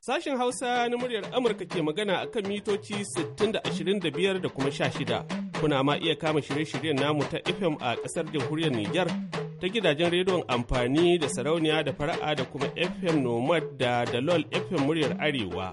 Sashen Hausa na muryar Amurka ke magana a kan mitoci 60 da 25 da kuma 16. Kuna ma iya kama shirye-shiryen namu ta FM a ƙasar jamhuriyar Nijar ta gidajen rediyon amfani da sarauniya da fara'a da kuma FM Nomad da Dalol FM muryar Arewa.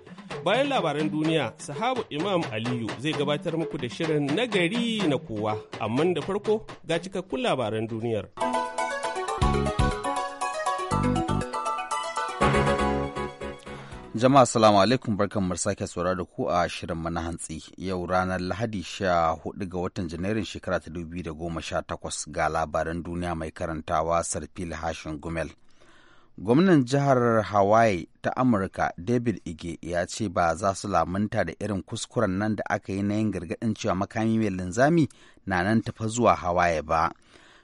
Bayan labaran duniya, sahabu Imam Aliyu zai gabatar muku da shirin nagari na kowa, amma da farko ga cikakkun labaran duniyar. Jama'a salamu alaikum barkan mu sake saurara da ku a shirin mana hantsi yau ranar Lahadi 14 ga watan Janairun shekara ta 2018 ga labaran duniya mai karantawa Sarfil Hashin Gumel. gwamnan jihar hawaii ta amurka david ige ya ce ba za su lamunta da irin kuskuren nan da aka yi na yin gargadin cewa makami mai linzami na nan tafa zuwa hawaii ba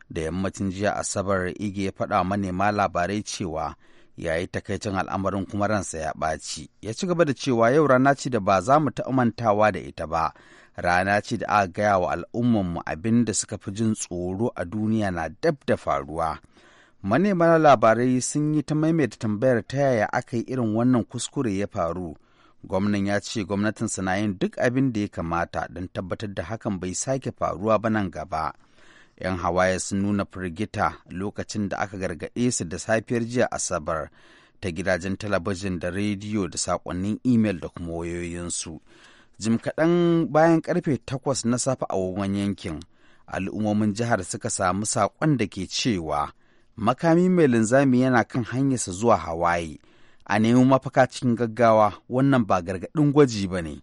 da yammacin jiya asabar ige ya faɗa manema labarai cewa ya yi takaicin al'amarin kuma ransa ya ɓaci ya ci gaba da cewa yau rana ce da ba za mu ta mantawa da ita ba rana ce da aka gaya wa al'ummanmu abin da suka fi jin tsoro a duniya na dab da faruwa manema labarai sun yi ta maimaita tambayar ta yaya aka yi irin wannan kuskure ya faru gwamnan ya ce gwamnatin na yin duk abin da ya kamata don tabbatar da hakan bai sake faruwa ba nan gaba 'yan hawaye sun nuna firgita lokacin da aka gargaɗe su da safiyar jiya asabar ta gidajen talabijin da rediyo da saƙonnin imel da kuma wayoyinsu jim kaɗan bayan karfe takwas na safe a wani yankin al'ummomin jihar suka samu saƙon da ke cewa makami mai linzami yana kan hanyarsa zuwa hawaii a nemi mafaka cikin gaggawa wannan ba gargaɗin gwaji ba ne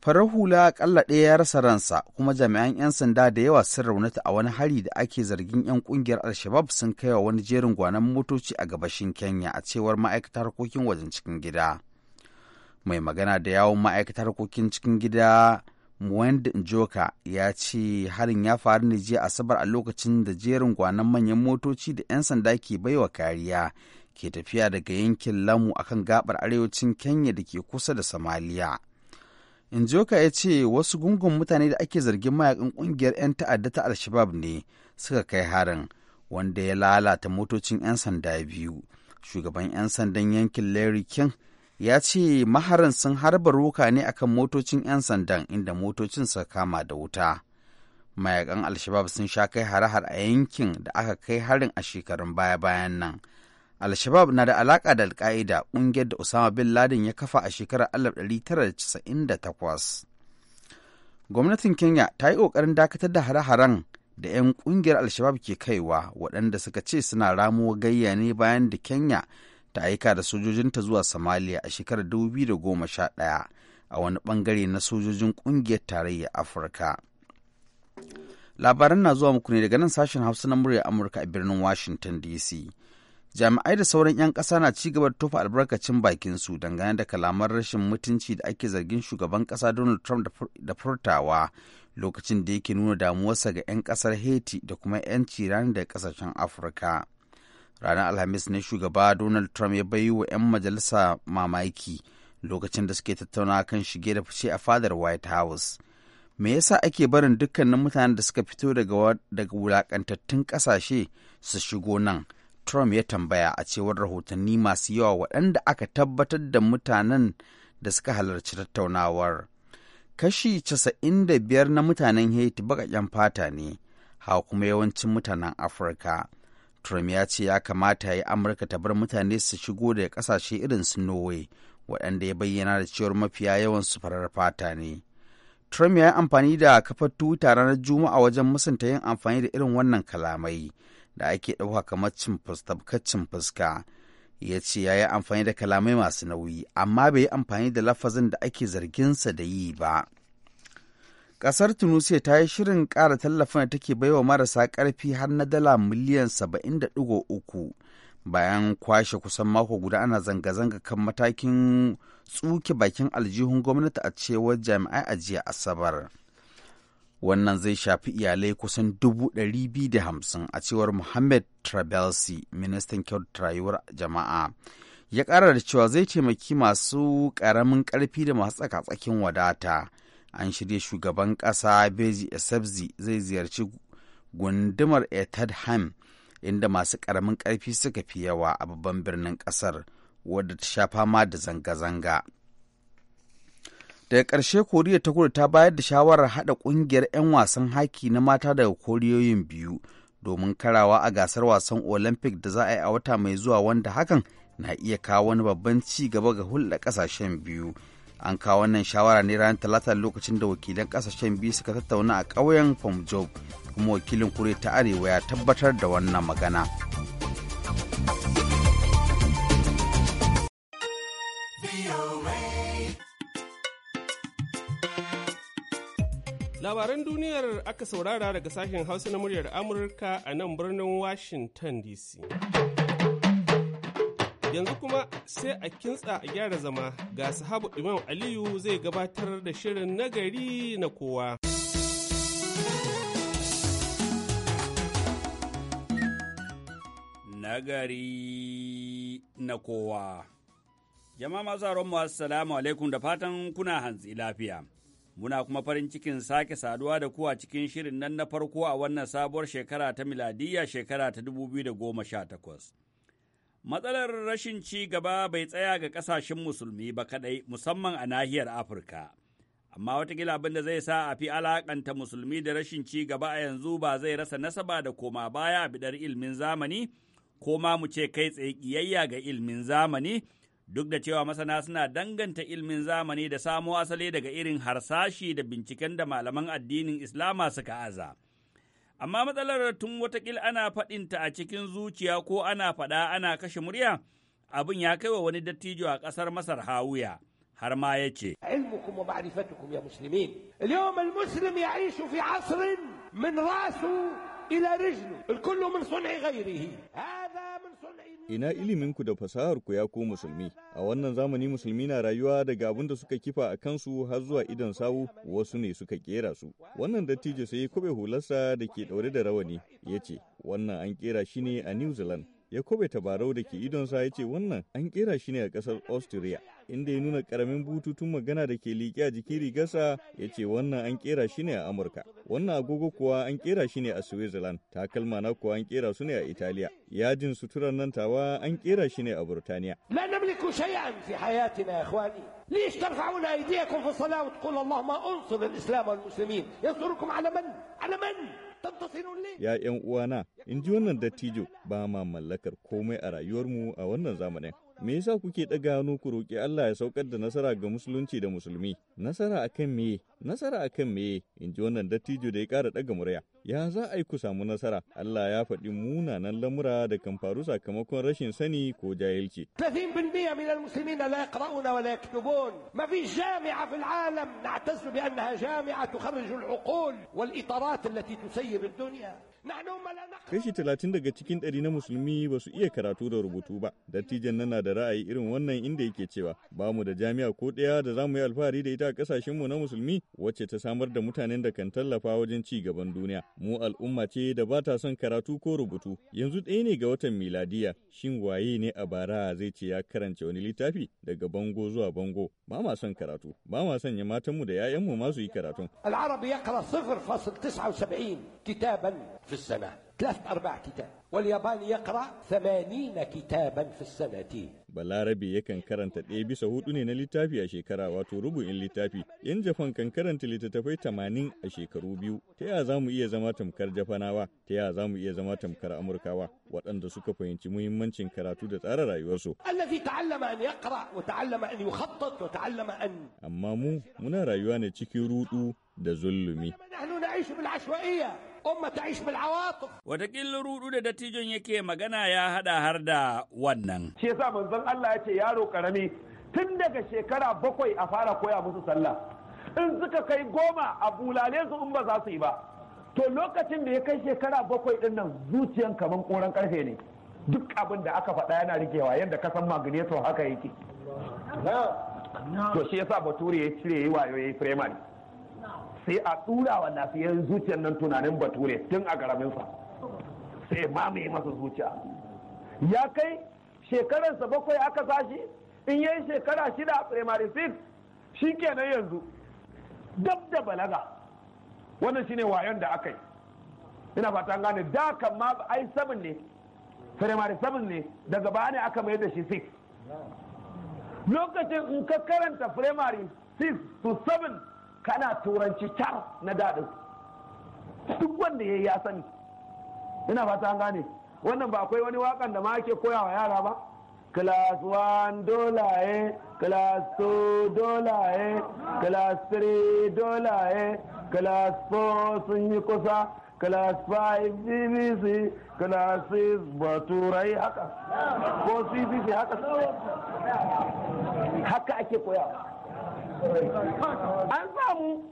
farar hula akalla ɗaya ya rasa ransa kuma jami'an 'yan sanda da yawa sun raunata a wani hari da ake zargin 'yan kungiyar alshabab sun kai wa wani jerin gwanon motoci a gabashin kenya a cewar ma'aikatar harkokin wajen cikin gida mai magana da yawon ma'aikatar harkokin cikin gida Mwend Njoka ya ce harin ya faru ne jiya Asabar a lokacin da jerin gwanan manyan motoci da 'yan sanda ke baiwa kariya ke tafiya daga yankin Lamu akan gabar arewacin Kenya da ke kusa da Somalia. Njoka ya ce wasu gungun mutane da ake zargin mayakan kungiyar 'yan ta'adda ta Alshabab ne suka kai harin wanda ya lalata motocin 'yan sanda biyu. Shugaban 'yan sandan yankin Larry King ya ce maharan sun harba roka ne akan motocin 'yan sandan inda motocin suka kama da wuta mayakan alshabab sun sha kai hare a yankin da aka kai harin a shekarun baya-bayan nan alshabab na da alaka da alka'ida ƙungiyar da usama bin laden ya kafa a shekarar 1998 gwamnatin kenya ta yi ƙoƙarin dakatar da hare-haren da 'yan ƙungiyar alshabab ke kaiwa waɗanda suka ce suna ramuwa gayya ne bayan da kenya ta aika da sojojinta zuwa Somalia a shekarar 2011 a wani bangare na sojojin kungiyar tarayya Afirka. Labaran na zuwa muku ne daga nan sashen Hausa na murya Amurka a birnin Washington DC. Jami'ai da sauran 'yan ƙasa na ci gaba da tofa albarkacin su dangane da kalamar rashin mutunci da ake zargin shugaban ƙasa Donald Trump da furtawa lokacin da yake nuna damuwarsa ga 'yan ƙasar Haiti da kuma 'yan ciranin da ƙasashen Afirka. ranar alhamis ne shugaba donald trump ya bayi wa 'yan majalisa mamaki lokacin da suke tattauna kan shige da fice a fadar white house me yasa ake barin dukkanin mutanen da suka fito daga wulakantattun kasashe su shigo nan trump ya tambaya a cewar rahotanni masu yawa waɗanda aka tabbatar da mutanen da suka halarci tattaunawar kashi casa'in da biyar na mutanen haiti baƙaƙen fata ne hawa kuma yawancin mutanen afirka Trump ya ce ya kamata ya Amurka ta bar mutane su shigo daga kasashe irin su Norway, waɗanda ya bayyana da cewar mafiya yawan su farar fata ne. Trump ya yi amfani da kafar Twitter ranar Juma'a wajen musanta yin amfani da irin wannan kalamai da ake ɗauka kamar cin fuska. Ya ce ya yi amfani da kalamai masu nauyi, amma bai yi amfani da lafazin da ake zarginsa da yi ba. Ƙasar Tunisia ta yi shirin kara tallafin da take baiwa marasa ƙarfi har na dala miliyan 70.3 bayan kwashe kusan mako guda ana zanga-zanga kan matakin tsuke bakin aljihun gwamnati a cewar jami'ai a jiya Asabar. wannan zai shafi iyalai kusan hamsin a cewar muhammad Trabelsi, ministan kyautar rayuwar jama'a. Ya ƙara da cewa zai taimaki masu ƙaramin ƙarfi da masu tsaka-tsakin wadata an shirya shugaban ƙasa beji esebzi zai ziyarci gundumar etadham inda masu ƙaramin ƙarfi suka fi yawa a babban birnin ƙasar wadda ta sha fama da zanga-zanga daga ƙarshe koriya ta kudu ta bayar da shawarar haɗa ƙungiyar 'yan wasan haki na mata daga koriyoyin biyu domin karawa a gasar wasan olympic da za a yi a wata mai zuwa wanda hakan na iya kawo wani babban ci gaba ga hulɗa ƙasashen biyu an kawo wannan shawara ne ranar talata lokacin da wakilan kasashen biyu suka tattauna a ƙauyen fomjob kuma wakilin kure ta arewa ya tabbatar da wannan magana labaran duniyar aka saurara daga sashen hausa na muryar amurka a nan birnin washington dc Yanzu kuma sai a kintsa a gyara zama ga sahabu Imam Aliyu zai gabatar da shirin nagari na kowa. Nagari na kowa. Jama'a masu mu assalamu alaikum da fatan kuna hantsi lafiya. Muna kuma farin cikin sake saduwa da kuwa cikin shirin nan na farko a wannan sabuwar shekara ta miladiyya shekara ta 2018. Matsalar rashin ci gaba bai tsaya ga ƙasashen musulmi ba kaɗai, musamman a nahiyar Afirka. Amma watakila abin da zai sa a fi alaƙanta musulmi da rashin ci gaba a yanzu ba zai rasa nasaba da koma baya a bidar ilmin zamani, ko ma mu ce kai tsaye ƙiyayya ga ilmin zamani, duk da cewa masana suna danganta ilmin zamani da samo asali daga irin harsashi da binciken da malaman addinin Islama suka aza. amma matsalar tun watakila ana faɗinta a cikin zuciya ko ana faɗa ana kashe murya abin ya kai wa wani dattijo a ƙasar Masar hawuya. har ma ya ce علمكم ومعرفتكم يا مسلمين اليوم المسلم يعيش في عصر من راسه إلى رجله الكل من صنع غيره هذا من صنع ina iliminku da fasaharku ya ko musulmi a wannan zamani musulmi na rayuwa daga abin da suka kifa a kansu har zuwa idan sawu wasu ne suka kera su wannan dattijo sai kube hularsa da ke daure da rawani ya ce wannan an kera shi ne a new zealand ya kobe tabarau da ke sa ya ce wannan an kera shi ne a kasar austria inda ya nuna karamin bututun magana da ke liƙe a jikin rigarsa ya ce wannan an kera shi ne a amurka wannan agogo kuwa an kera shi ne a switzerland takalma na kuwa an kera su ne a italiya yajin suturar nan tawa an kera shi ne a burtaniya ليش ترفعون ايديكم في الصلاه وتقول اللهم انصر الاسلام والمسلمين ينصركم على من على من Ya ‘yan uwana, in ji wannan dattijo ba ma mallakar komai a rayuwarmu a wannan zamanin, me yasa kuke ɗaga hannu ku roƙi Allah ya saukar da nasara ga musulunci da musulmi nasara akan meye nasara akan meye in ji wannan dattijo da ya ƙara ɗaga murya ya za a yi ku samu nasara Allah ya faɗi munanan lamura da kan faru sakamakon rashin sani ko jahilci Tafin 30% min al-musulmin almuslimin la yaqra'una wa la yaktubun ma fi jami'a fil alam na'tazu bi annaha jami'a tukhrij al-uqul wal itarat allati tusayyib ad-dunya Kashi talatin daga cikin ɗari na musulmi ba su iya karatu da rubutu ba. Dattijan nan na da ra'ayi irin wannan inda yake cewa ba mu da jami'a ko ɗaya da za mu yi alfahari da ita a ƙasashenmu na musulmi wacce ta samar da mutanen da kan tallafa wajen ci gaban duniya. Mu al'umma ce da ba ta son karatu ko rubutu. Yanzu ɗaya ne ga watan miladiya. Shin waye ne a bara zai ce ya karance wani littafi daga bango zuwa bango. Ba ma son karatu. Ba ma sanya matanmu da 'ya'yanmu ma su yi karatun. Al'arabi ya kara kitaban في السنة ثلاث أربع كتاب balarabe yakan karanta ɗaya bisa huɗu ne na littafi a shekara wato rubu'in littafi yan jafan kan karanta littattafai tamanin a shekaru biyu ta yaya za mu iya zama tamkar jafanawa ta yaya za mu iya zama tamkar amurkawa waɗanda suka fahimci muhimmancin karatu da tsara rayuwarsu amma mu muna rayuwa ne cikin ruɗu da zulumi umma ta'ish bil awatif wataƙila rudu da dattijon yake magana ya hada har da wannan shi yasa manzon Allah ya ce yaro karami tun daga shekara bakwai a fara koya musu sallah in suka kai goma a bulale su in ba za su yi ba to lokacin da ya kai shekara bakwai din nan zuciyan kaman koran karfe ne duk abin da aka faɗa yana rikewa yadda ka san magneto haka yake to shi yasa bature ya cire yi wayo yayi primary sai a tura wa lafiyar zuciyar nan tunanin bature tun a karaminsa sai mamaye masa zuciya ya kai shekararsa bakwai aka sashi in yi shekara shida a primary six shi kenan yanzu dab da balaga wannan shine wayon da aka yi ina fata gane da kan ma ai sabin ne primary sabin ne daga baya ne aka mayar da shi six lokacin in ka karanta primary six to seven kana turanci tar na daɗin duk wanda ya yi ya sani ina ba ta gane wannan ba akwai wani wakan da ma ake koya wa yara ba class 1 dola eh class 2 dola eh class 3 dola eh class 4 sun yi kusa class 5 bbc class 6 baturai haka ko cbc haka haka ake koyawa an samu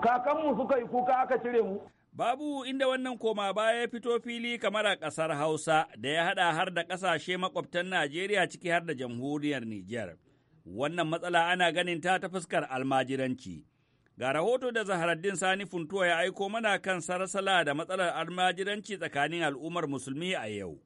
kakanmu suka yi kuka aka cire mu Babu inda wannan koma baya ya fito fili kamar a ƙasar Hausa da ya haɗa har da ƙasashe makwabtan Najeriya ciki har da jamhuriyar Nijar. Wannan matsala ana ganin ta ta fuskar almajiranci. Ga rahoto da Zaharaddin Sani Funtuwa ya aiko mana kan sarasala da matsalar almajiranci tsakanin al'ummar musulmi a yau.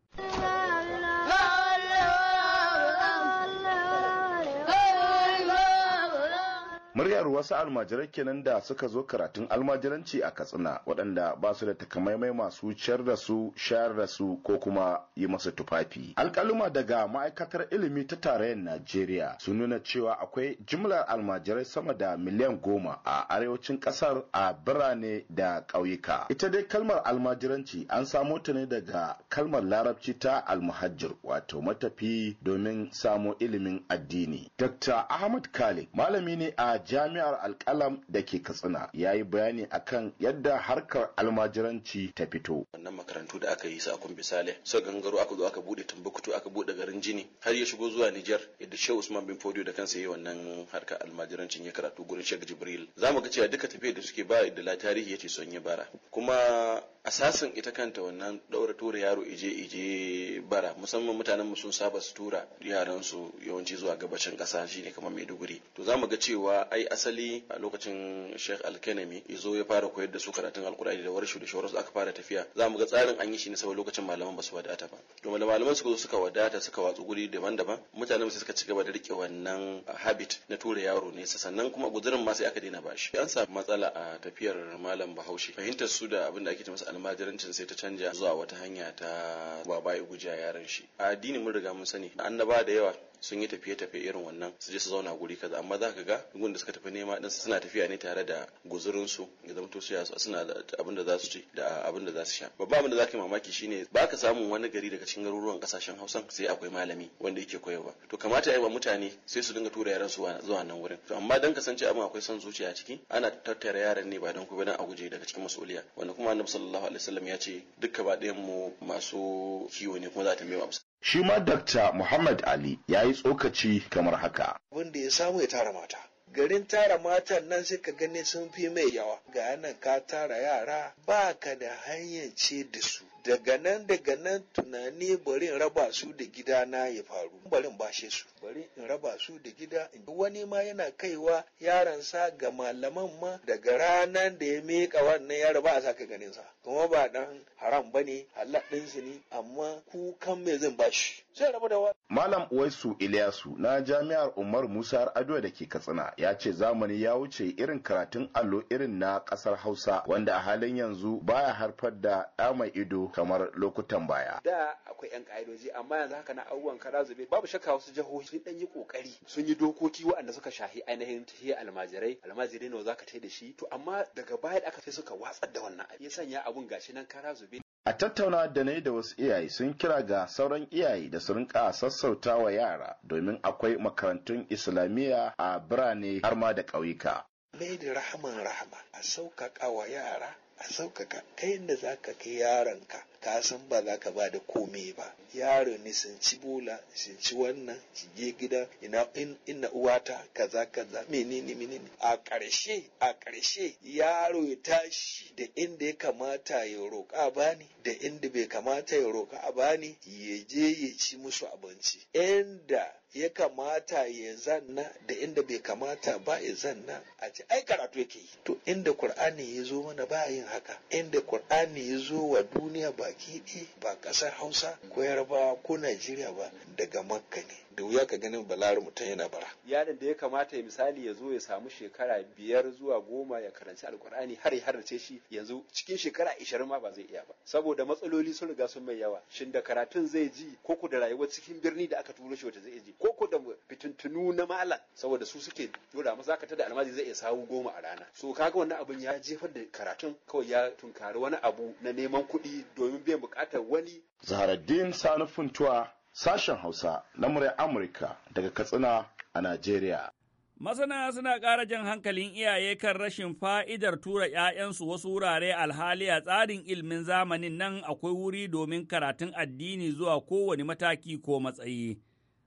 muryar wasu almajirai kenan da suka zo karatun almajiranci a katsina waɗanda ba su da takamaimai masu ciyar da su shayar da su ko kuma yi masa tufafi alƙaluma daga ma'aikatar ilimi ta tarayyar najeriya sun nuna cewa akwai jimlar almajirai sama da miliyan goma a arewacin ƙasar a birane da ƙauyuka ita dai kalmar almajiranci an samo ta ne daga kalmar larabci ta almuhajjir wato matafi domin samo ilimin addini dr ahmad kale malami ne a jami'ar alkalam da ke katsina ya yi bayani akan yadda harkar almajiranci ta fito wannan makarantu da aka yi su a sa sale su gangaro aka zo aka bude tumbuktu aka bude garin jini har ya shigo zuwa nijar yadda shehu usman bin fodio da kansa yi wannan harkar almajirancin ya karatu gurin shek jibril za mu ga cewa duka tafiyar da suke ba da tarihi ya ce son ya bara kuma asasin ita kanta wannan daura tura yaro ije ije bara musamman mutanen sun saba su tura yaran su yawanci zuwa gabashin kasa shine kamar maiduguri to za mu ga cewa ai asali a lokacin Sheikh Alkanami zo ya fara koyar da su karatun Alkur'ani da warshu da shawararsu aka fara tafiya zamu ga tsarin an yi shi ne saboda lokacin malaman ba su wadata ba to malaman suka zo suka wadata suka watsu guri daban-daban mutane su suka ci gaba da rike wannan habit na tura yaro sa. sannan kuma guzurin ma sai aka daina bashi an samu matsala a tafiyar malam Bahaushe fahimtar su da abin da ake ce masa almajirancin sai ta canja zuwa wata hanya ta babai ya guja yaran shi a addini mun riga mun sani annaba da yawa sun yi tafiye-tafiye irin wannan su je su zauna guri kaza amma za ka ga gun da suka tafi nema din suna tafiya ne tare da guzurin su ya zama to suna da abin da za su ci da abin da za su sha babba abin da za ka yi mamaki shine ba ka samu wani gari daga cikin garuruwan kasashen Hausa sai akwai malami wanda yake koyarwa to kamata yi wa mutane sai su dinga tura yaran su zuwa nan wurin to amma dan kasance abin akwai son zuciya ciki ana tattara yaran ne ba dan kuma dan a guje daga cikin masuliya wanda kuma Annabi sallallahu alaihi wasallam ya ce dukka ba mu masu kiwo ne kuma za ta mai Shi ma Dr. Muhammad Ali ya yi tsokaci kamar haka. Abin da ya samu ya tara mata. garin tara matan nan sai ka gani sun fi mai yawa ga nan ka tara yara ba ka da hanyar ce da su daga nan daga nan tunani bari in raba su da gida na ya faru bari in bashe su bari in raba su da gida wani ma yana kaiwa yaransa ga malaman ma daga ranar da ya miƙa wannan ya ba a sa ganin sa kuma ba dan haram bane halal ɗinsu ne amma kukan me zan bashi sai raba da malam uwaisu iliyasu na jami'ar umar musa ado da ke katsina ya ce zamani ya wuce irin karatun allo irin na ƙasar hausa wanda a halin yanzu baya harfar da ɗa mai ido kamar lokutan baya. Da akwai 'yan ƙa'idoji amma yanzu haka na abubuwan kara zube babu shakka wasu jihohi sun ɗan yi ƙoƙari sun yi dokoki waɗanda suka shahi ainihin tahiyar almajirai almajirai nawa zaka tai da shi to amma daga baya da aka sai suka watsar da wannan ya sanya abun gashi nan kara zube. A tattauna da na da wasu iyaye sun kira ga sauran iyaye da su rinka sassauta wa yara domin akwai makarantun Islamiyya a birane har ma da ƙauyuka. Mai da rahman rahama a sauƙaƙa wa yara a sauƙaƙa kai da za ka kai yaron ka ka san ba za ka ba da komai ba yaro ne sun ci bola sun ci wannan shi je gida ina ina uwata kaza kaza menene menene a ƙarshe a ƙarshe yaro ya tashi da inda ya kamata ya roƙa bani da inda bai kamata ya roƙa a bani ya je ya ci musu abinci inda ya kamata ya zanna da inda bai kamata ba ya zanna a ce ai karatu yake yi to inda qur'ani ya zo mana ba yin haka inda qur'ani ya zo wa duniya baki ɗi ba ƙasar hausa ko yarbawa ko najeriya ba daga makka ne da wuya ka ganin balar mutum yana bara yaron da ya kamata ya misali ya zo ya samu shekara biyar zuwa goma ya karanci alkur'ani har ya harace shi yanzu cikin shekara ishirin ma ba zai iya ba saboda matsaloli sun riga sun mai yawa shin da karatun zai ji ko ku da rayuwar cikin birni da aka turo shi wata zai ji Koko da fitintunu na malam saboda su suke dora masa zaka da almaji zai iya sawu goma a rana so kaga wannan abin ya jefar da karatun kawai ya tunkari wani abu na neman kuɗi domin biyan buƙatar wani Zaharaddin Sani Funtuwa sashen Hausa na murya Amurka daga Katsina a Najeriya Masana suna ƙara jan hankalin iyaye kan rashin fa'idar tura ‘ya'yansu wasu wurare alhali a tsarin ilmin zamanin nan akwai wuri domin karatun addini zuwa kowane mataki ko matsayi.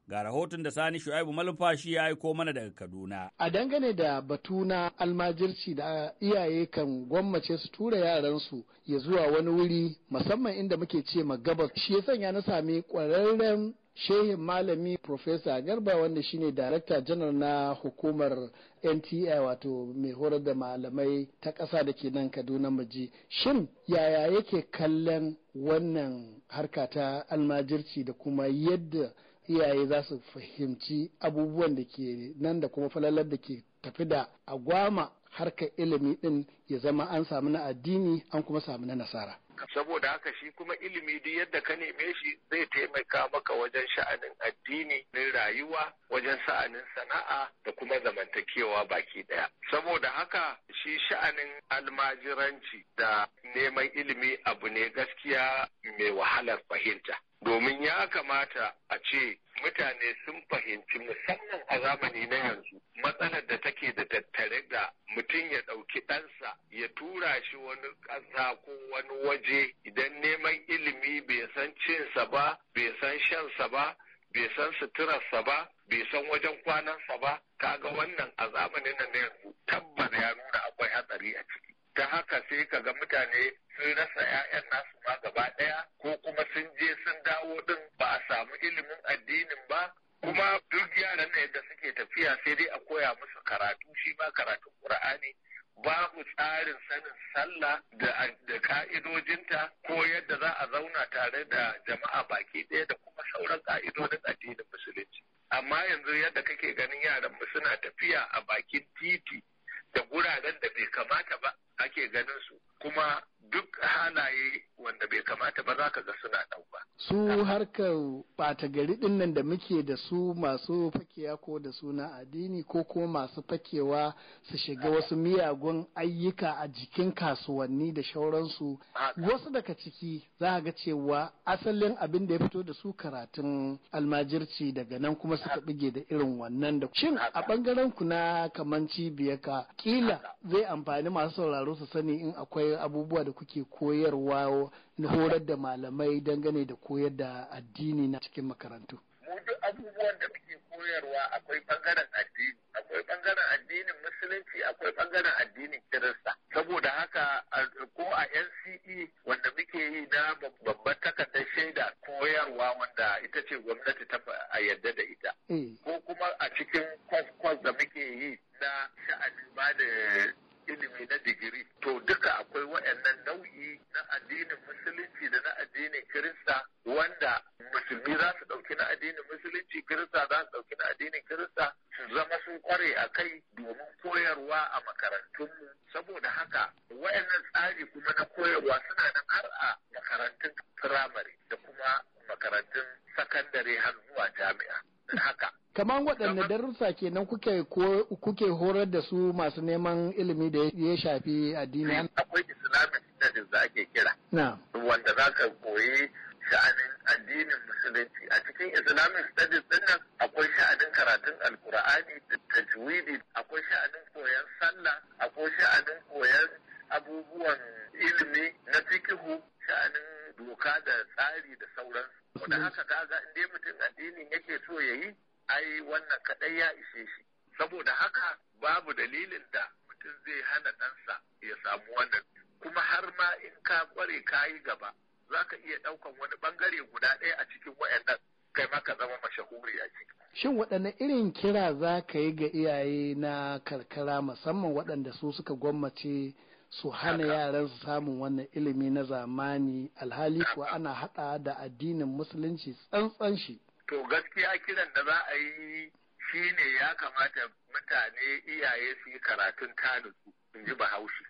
Ga rahoton da Sani Shu'aibu Malumfashi ya aiko mana daga Kaduna. A dangane da batu na almajirci da iyaye kan gwammace su tura yaransu ya zuwa wani wuri musamman inda muke ce gabas shi ya sanya na sami ƙwararren shehin malami Profesa Garba wanda shine Darakta janar na hukumar NTI wato mai horar da malamai ta ƙasa da ke nan Kaduna Maji. Shin yaya yake kallon wannan harka ta almajirci da kuma yadda iyaye za su fahimci abubuwan da ke nan da kuma falalar da ke tafi da agwama harka ilimi din ya zama an samu na addini an kuma samu na nasara. saboda haka shi kuma ilimi duk yadda ka neme shi zai taimaka maka wajen sha'anin addini na rayuwa wajen sha'anin sana'a da kuma zamantakewa baki daya saboda haka shi sha'anin almajiranci da neman ilimi abu ne gaskiya mai wahalar fahimta domin ya kamata a ce mutane sun fahimci musamman a zamani na yanzu matsalar da take da tattare da mutum ya ɗauki ɗansa ya tura shi wani ƙasa ko wani waje idan neman ilimi bai san cinsa ba bai san shansa ba bai san suturarsa ba bai san wajen kwanansa ba kaga wannan a zamanin na yanzu tabbas ya nuna akwai hatsari a ciki ta haka sai ka ga mutane sun rasa 'ya'yan nasu ma gaba ɗaya ko kuma sun je sun dawo ɗin ba a samu ilimin addinin ba kuma duk yaran da yadda suke tafiya sai dai a koya musu karatu shi ma karatun ƙur'ani babu tsarin sanin sallah da ka'idojinta ko yadda za a zauna tare da jama'a baki ɗaya da kuma sauran ka'idodin addinin musulunci amma yanzu yadda kake ganin yaran mu suna tafiya a bakin titi da guraren da bai kamata ba ake ganin su kuma duk halaye wanda bai kamata ba za ka ga suna ɗau ba. Su harkar ɓata gari ɗin nan da muke da su masu gaskiya ko da suna addini ko kuma masu fakewa su shiga wasu miyagun ayyuka a jikin kasuwanni da shauransu wasu daga ciki za ga cewa asalin abin da ya fito da su karatun almajirci daga nan kuma suka bige da irin wannan da shin a bangaren ku na kaman cibiyaka kila zai amfani masu sauraro su sani in akwai abubuwa da kuke koyarwa na horar da malamai dangane da koyar da addini na cikin makarantu. Mu duk abubuwan da muke koyarwa akwai bangaren addini akwai bangaren addinin musulunci akwai bangaren addinin kirista saboda haka ko a NCE wanda muke yi na babban takardar shaida koyarwa wanda ita ce gwamnati ta a yarda da ita mm. ko kuma a cikin kwas da muke yi na sha'anin ba da yasa kenan kuke kuke horar da su masu neman ilimi da ya shafi addini akwai islamic studies da ake kira wanda zaka koyi sha'anin addinin musulunci a cikin islamic studies din nan akwai sha'anin karatun alkur'ani da tajwidi akwai sha'anin koyon sallah akwai sha'anin koyon abubuwan ilimi na fikihu sha'anin doka da tsari da sauransu. Wadda haka kaga in dai mutum addinin yake so ya yi ai wannan kaɗai ya ishe shi saboda haka babu dalilin da mutum zai hana ɗansa ya samu wannan kuma har ma in ka kware ka yi gaba za ka iya ɗaukan wani ɓangare guda ɗaya a cikin wayannan kai ma ka zama mashahuri a ciki. Shin waɗanne irin kira za ka yi ga iyaye na karkara musamman waɗanda su suka gwammace su hana yaran su samun wannan ilimi na zamani alhali kuwa ana haɗa da addinin musulunci tsantsan shi. to gaskiya kiran da za a yi shi ne ya kamata mutane iyaye su yi karatun tanisu in ji bahaushe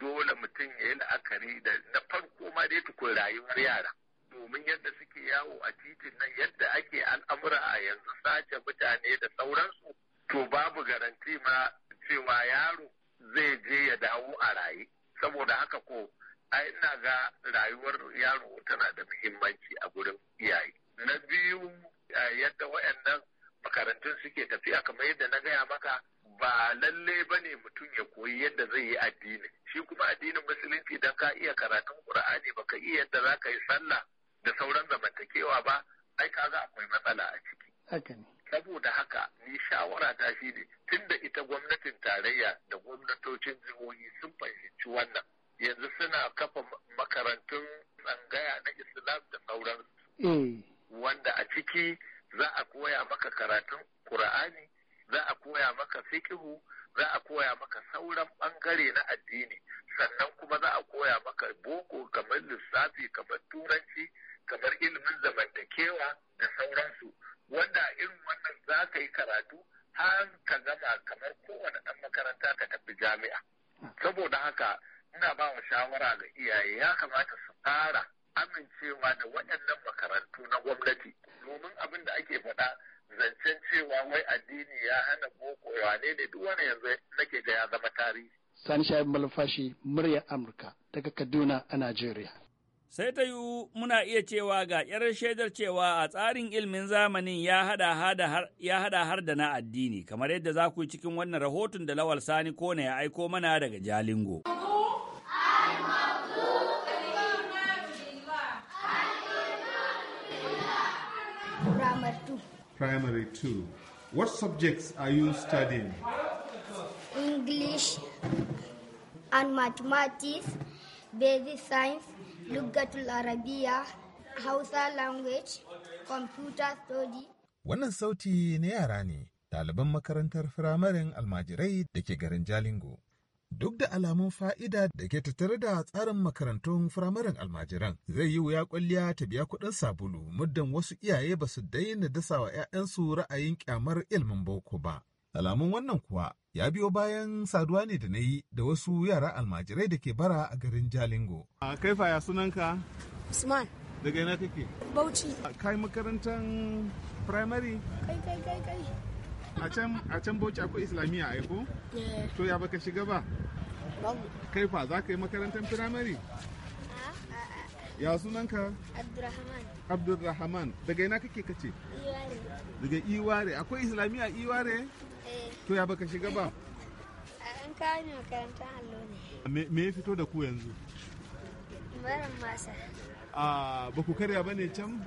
dole mutum ya yi la'akari da na farko ma dai tukun rayuwar yara domin yadda suke yawo a titin nan yadda ake al'amura a yanzu sace mutane da sauransu to babu garanti ma cewa yaro zai je ya dawo a raye saboda haka ko a ina ga rayuwar yaro tana da muhimmanci a gurin iyaye na biyu yadda wayannan makarantun suke tafiya kamar yadda na gaya maka ba lalle ba ne mutum ya koyi yadda zai yi addini shi kuma addinin musulunci dan ka iya karatun qur'ani baka iya yadda za ka yi sallah da sauran zamantakewa ba ai kaga akwai matsala a ciki saboda haka ni shawara ta shi ne tunda ita gwamnatin tarayya da gwamnatocin jihohi sun fahimci wannan yanzu suna kafa makarantun tsangaya na islam da sauransu eh. wanda a ciki za a koya maka karatun Kur'ani, za a koya maka fikihu, za a koya maka sauran ɓangare na addini, sannan kuma za a koya maka boko kamar lissafi, kamar turanci, kamar ilimin zamantakewa da sauransu, wanda irin wannan za ka yi karatu har ka gama kamar kowane ɗan makaranta ka tafi jami'a. Saboda haka ina ba wa shawara ga iyaye ya kamata su fara amincewa da waɗannan makarantu na gwamnati domin abin da ake faɗa zancen cewa wai addini ya hana boko wane ne duk wani yanzu nake ga ya zama tarihi. Sani Shaibu Malfashi murya Amurka daga Kaduna a Najeriya. Sai ta yiwu muna iya cewa ga ‘yar shaidar cewa a tsarin ilmin zamanin ya hada har da na addini, kamar yadda za ku yi cikin wannan rahoton da Lawal Sani Kone ya aiko mana daga Jalingo. Primary two. What subjects are you studying? English and mathematics, basic science, Lugatul Arabia, Hausa language, computer study. Wannan sauti na yara ne, ɗaliban makarantar firamarin almajirai da ke garin Jalingo. Duk da alamun fa'ida da ke tattare da tsarin makarantun firamaren almajiran, zai yi wuya kwalliya ta biya kuɗin sabulu muddin wasu iyaye ba su daina dasa wa ‘ya'yansu ra'ayin kyamar ilimin boko ba. Alamun wannan kuwa ya biyo bayan saduwa ne da na yi da wasu yara almajirai da ke bara a garin Jalingo. A kai ya sunanka? Usman. Daga ina kake? Bauchi. Kai makarantar primary? Kai kai kai kai. a can a can bauchi akwai islamiyya a ko to ya baka shiga ba kai fa za ka yi makarantar firamare ya sunanka abdurrahman abdurrahman daga ina kake kace daga iware akwai islamiyya iware eh. to ya baka shiga ba an kawo ni makarantar allo ne me ya fito da ku yanzu barin masa a ah, ba ku karya bane can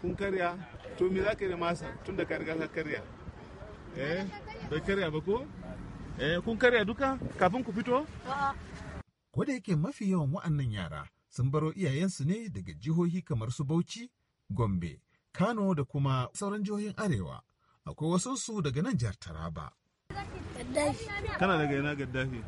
kun karya to me za ka yi da masa tun da ka karya eh bai karya ba ko eh kun karya duka kafin ku fito ko da yake mafi yawan wa'annan yara sun baro iyayensu ne daga jihohi kamar su Bauchi Gombe Kano da kuma sauran jihohin Arewa akwai wasu su daga nan jihar Taraba kana daga ina Gaddafi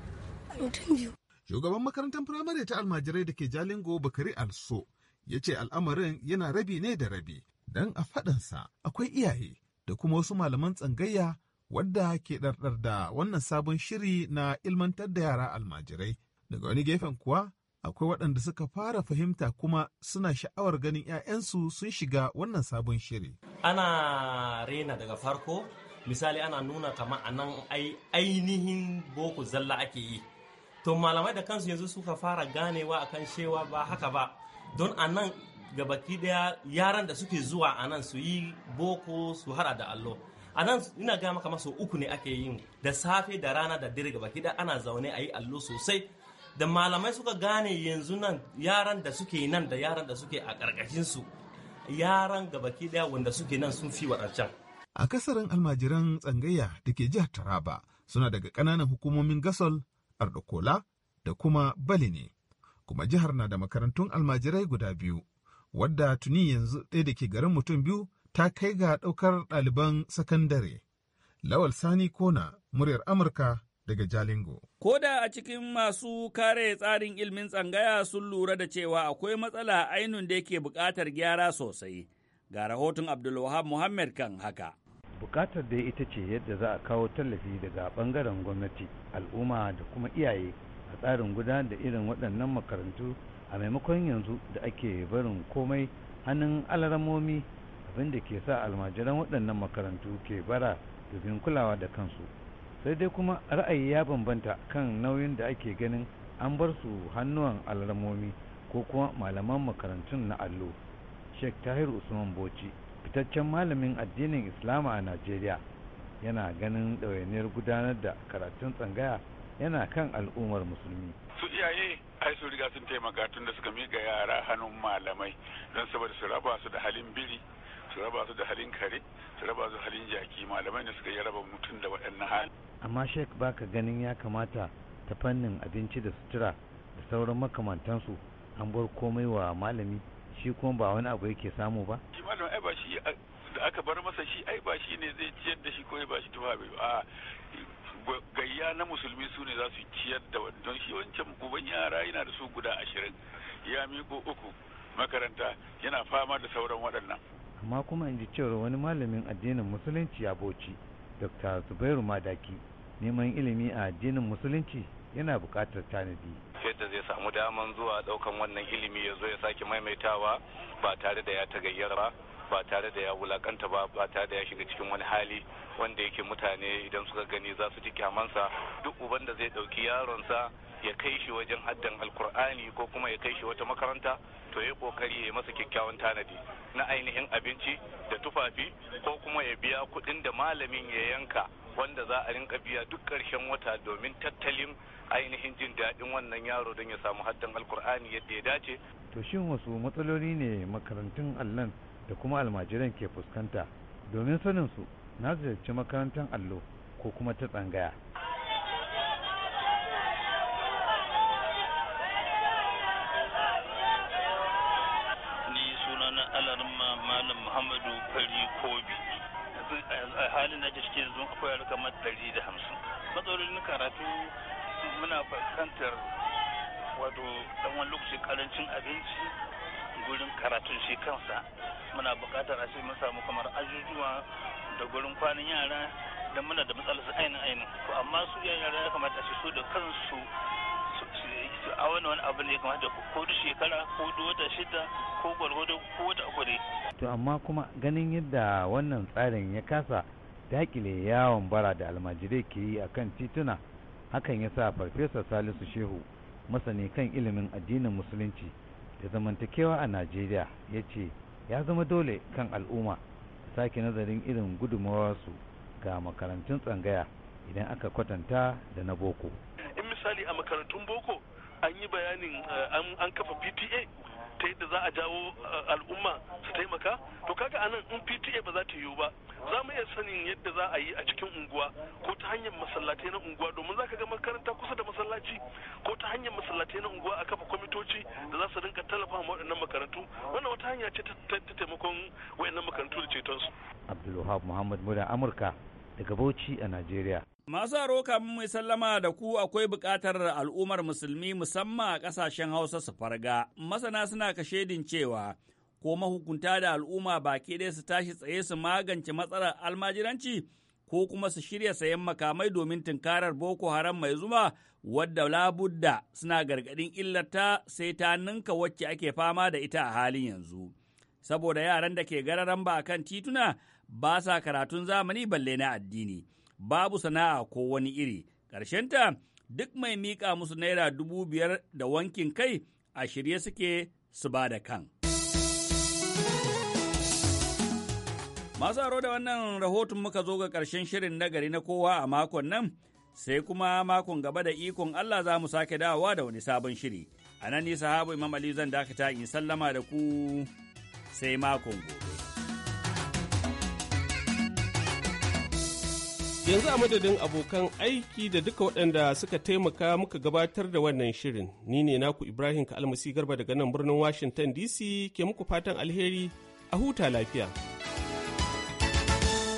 Shugaban makarantar firamare ta almajirai da ke Jalingo Bakari Also ya ce al'amarin yana rabi ne da rabi don a faɗansa akwai iyaye da kuma wasu malaman tsangayya wadda ke ɗarɗar da wannan sabon shiri na ilmantar da yara almajirai daga wani gefen kuwa akwai waɗanda suka fara fahimta kuma suna sha'awar ganin 'ya'yansu sun shiga wannan sabon shiri. Ana rena daga farko, misali ana nuna kama a nan ainihin boko zalla ake yi. To malamai da kansu yanzu suka fara ganewa a kan cewa ba haka ba. don a nan gabaki daya yaran da suke zuwa a nan su yi boko su hara da allo a nan ina gaya maka maso uku ne ake yin da safe da rana da dare gabaki daya ana zaune a yi allo sosai da malamai suka gane yanzu nan yaran da suke nan da yaran da suke a ƙarƙashinsu yaran gabaki daya wanda suke nan sun fi waɗancan a kasarin almajiran tsangayya da ke jihar taraba suna daga ƙananan hukumomin gasol ardokola da kuma baline kuma jihar na da makarantun almajirai guda biyu wadda tuni yanzu ɗaya da ke garin mutum biyu ta kai ga ɗaukar ɗaliban sakandare. Lawal Sani Kona, muryar Amurka daga Jalingo. ko da a cikin masu kare tsarin ilmin tsangaya sun lura da cewa akwai matsala ainun da yake buƙatar gyara sosai. Ga rahoton Abdulwahab Muhammad kan haka. Bukatar dai ita ce yadda za a kawo tallafi daga ɓangaren gwamnati, al'umma da kuma iyaye a tsarin gudanar da irin waɗannan makarantu a maimakon yanzu da ake barin komai hannun alaramomi abin ke sa almajiran waɗannan makarantu ke bara domin kulawa da kansu sai dai kuma ra'ayi ya bambanta kan nauyin da ake ganin an bar su hannuwan alaramomi ko kuma malaman makarantun na allo sheikh tahir usman bauchi fitaccen malamin addinin islama a najeriya yana ganin ɗawainiyar gudanar da karatun tsangaya yana kan al'ummar musulmi su iyaye ai su riga sun taimaka tun da suka miƙa yara hannun malamai don saboda su raba su da halin biri su raba su da halin kare su raba su halin jaki malamai ne suka yi raba mutum da waɗannan hali amma shek baka ganin ya kamata ta fannin abinci da sutura da sauran makamantansu an bar komai wa malami shi kuma ba wani abu yake samu ba shi malamai ai ba shi da aka bar masa shi ai ba ana fama da sauran waɗannan amma kuma in ji cewar wani malamin addinin musulunci ya boci dr zubairu madaki neman ilimi a addinin musulunci yana buƙatar tanadi yadda zai samu daman zuwa ɗaukan wannan ilimi ya zo ya sake maimaitawa ba tare da ya tagayyara ba ba tare da ya wulakanta ba ba tare da ya shiga cikin wani hali wanda yake mutane idan suka gani za su ji kyamansa duk uban da zai ɗauki yaronsa ya kai shi wajen haddan alkur'ani ko kuma ya kai shi wata makaranta to ya kokari ya masa kyakkyawan tanadi na ainihin abinci da tufafi ko kuma ya biya kuɗin da malamin ya yanka wanda za a rinka biya duk ƙarshen wata domin tattalin ainihin jin daɗin wannan yaro don ya samu haddan alkur'ani yadda ya dace. to shin wasu matsaloli ne makarantun allon da kuma almajiran ke fuskanta domin sanin su na ziyarci makarantar allo ko kuma ta tsangaya. kansa muna buƙatar a ce mun samu kamar ajujuwa da gurin kwanan yara da muna da matsalar su ainihin ainihin ko amma su yara ya kamata su su da kansu su a wani wani abu ne kamata ko duk shekara ko duk wata shida ko gwargwado ko wata to amma kuma ganin yadda wannan tsarin ya kasa dakile yawon bara da almajirai ke yi akan tituna hakan ya sa farfesa salisu shehu masani kan ilimin addinin musulunci da zamantakewa a najeriya ya ce ya zama dole kan al'umma ta sake nazarin irin gudunmawarsu ga makarantun tsangaya idan aka kwatanta da na boko in misali a makarantun boko an yi bayanin eh, an kafa pta ta yadda za a jawo eh, al'umma su taimaka to kaga anan in pta ba za ta yiwu ba za mu iya sanin yadda za a yi a cikin unguwa ko ta hanyar masallatai na unguwa domin za ka ga makaranta kusa da masallaci ko ta hanyar masallatai na unguwa a kafa kwamitoci da za su rinka tallafa wa waɗannan makarantu wannan wata hanya ce ta taimakon waɗannan makarantu da cetonsu. Abdulwahab Muhammad Muda Amurka daga Bauchi a Najeriya. Masu aro kamun mai sallama da ku akwai buƙatar al'ummar musulmi musamman a kasashen Hausa su farga. Masana suna kashedin cewa ko mahukunta da al'umma baki ɗaya su tashi tsaye su magance matsalar almajiranci ko kuma su shirya sayan makamai domin tunkarar Boko Haram mai zuma? wadda labudda suna gargadin illarta sai ta ninka wacce ake fama da ita a halin yanzu. Saboda yaran da ke gararan ba kan tituna ba sa karatun zamani balle na addini, babu sana'a ko wani iri. Ƙarshenta duk mai miƙa musu naira dubu biyar da wankin kai a shirye suke su ba da kan. Masu aro da wannan rahoton muka zo ga ƙarshen shirin nagari na kowa a makon nan, sai kuma makon gaba da ikon Allah za mu sake dawowa da wani sabon shiri. A nan ni sahabu Imam Ali zan dakata in sallama da ku sai makon gobe. Yanzu a madadin abokan aiki da duka waɗanda suka taimaka muka gabatar da wannan shirin, ni ne naku Ibrahim Ka'almasi Garba daga nan birnin Washington DC ke muku fatan alheri a huta lafiya.